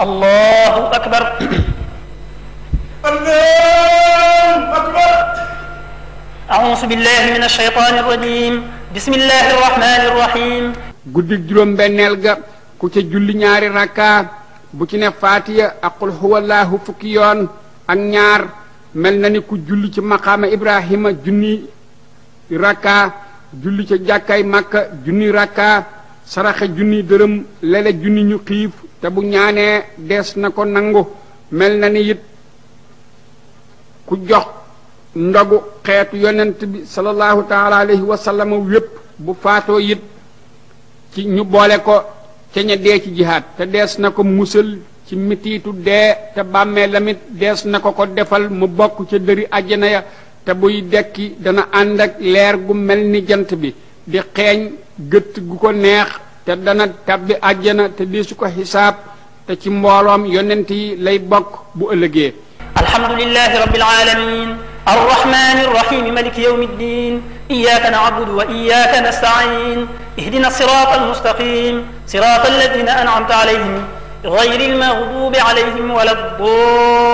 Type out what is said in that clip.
Allahu Akbar Allahu Akbar. A'udzu billahi من الشيطان rajim بسم الله الرحمن الرحيم guddik juróom ga ku ci julli ñaari rakka bu ci ne Fatiha aqul huwallahu fukiyon ak ñaar mel ni ku julli ci maqama Ibrahim junni rakka julli ci jakkay makka junni rakka saraxe junni deureum lele junni ñu xif te bu ñaanee dees na ko nangu mel na ni it ku jox ndogu xeetu yonent bi sallallahu taala alayhi wa sallam wépp bu faatoo it ci ñu boole ko ca ña dee ci jihaad te dees na ko musal ci mitiitu dee te bàmmee lamit dees na ko ko defal mu bokk ca dëri àjjana ya te buy dekki dana ànd ak leer gu mel ni jant bi di xeeñ gëtt gu ko neex te dana tabbi àjjana te diisu ko xisaab te ci mbooloom yonent lay bu alhamdulillahi rabbil alamin الرحمن الرحيم ملك يوم الدين إياك نعبد وإياك نستعين اهدنا الصراط المستقيم صراط الذين أنعمت عليهم غير المغضوب عليهم ولا الضالين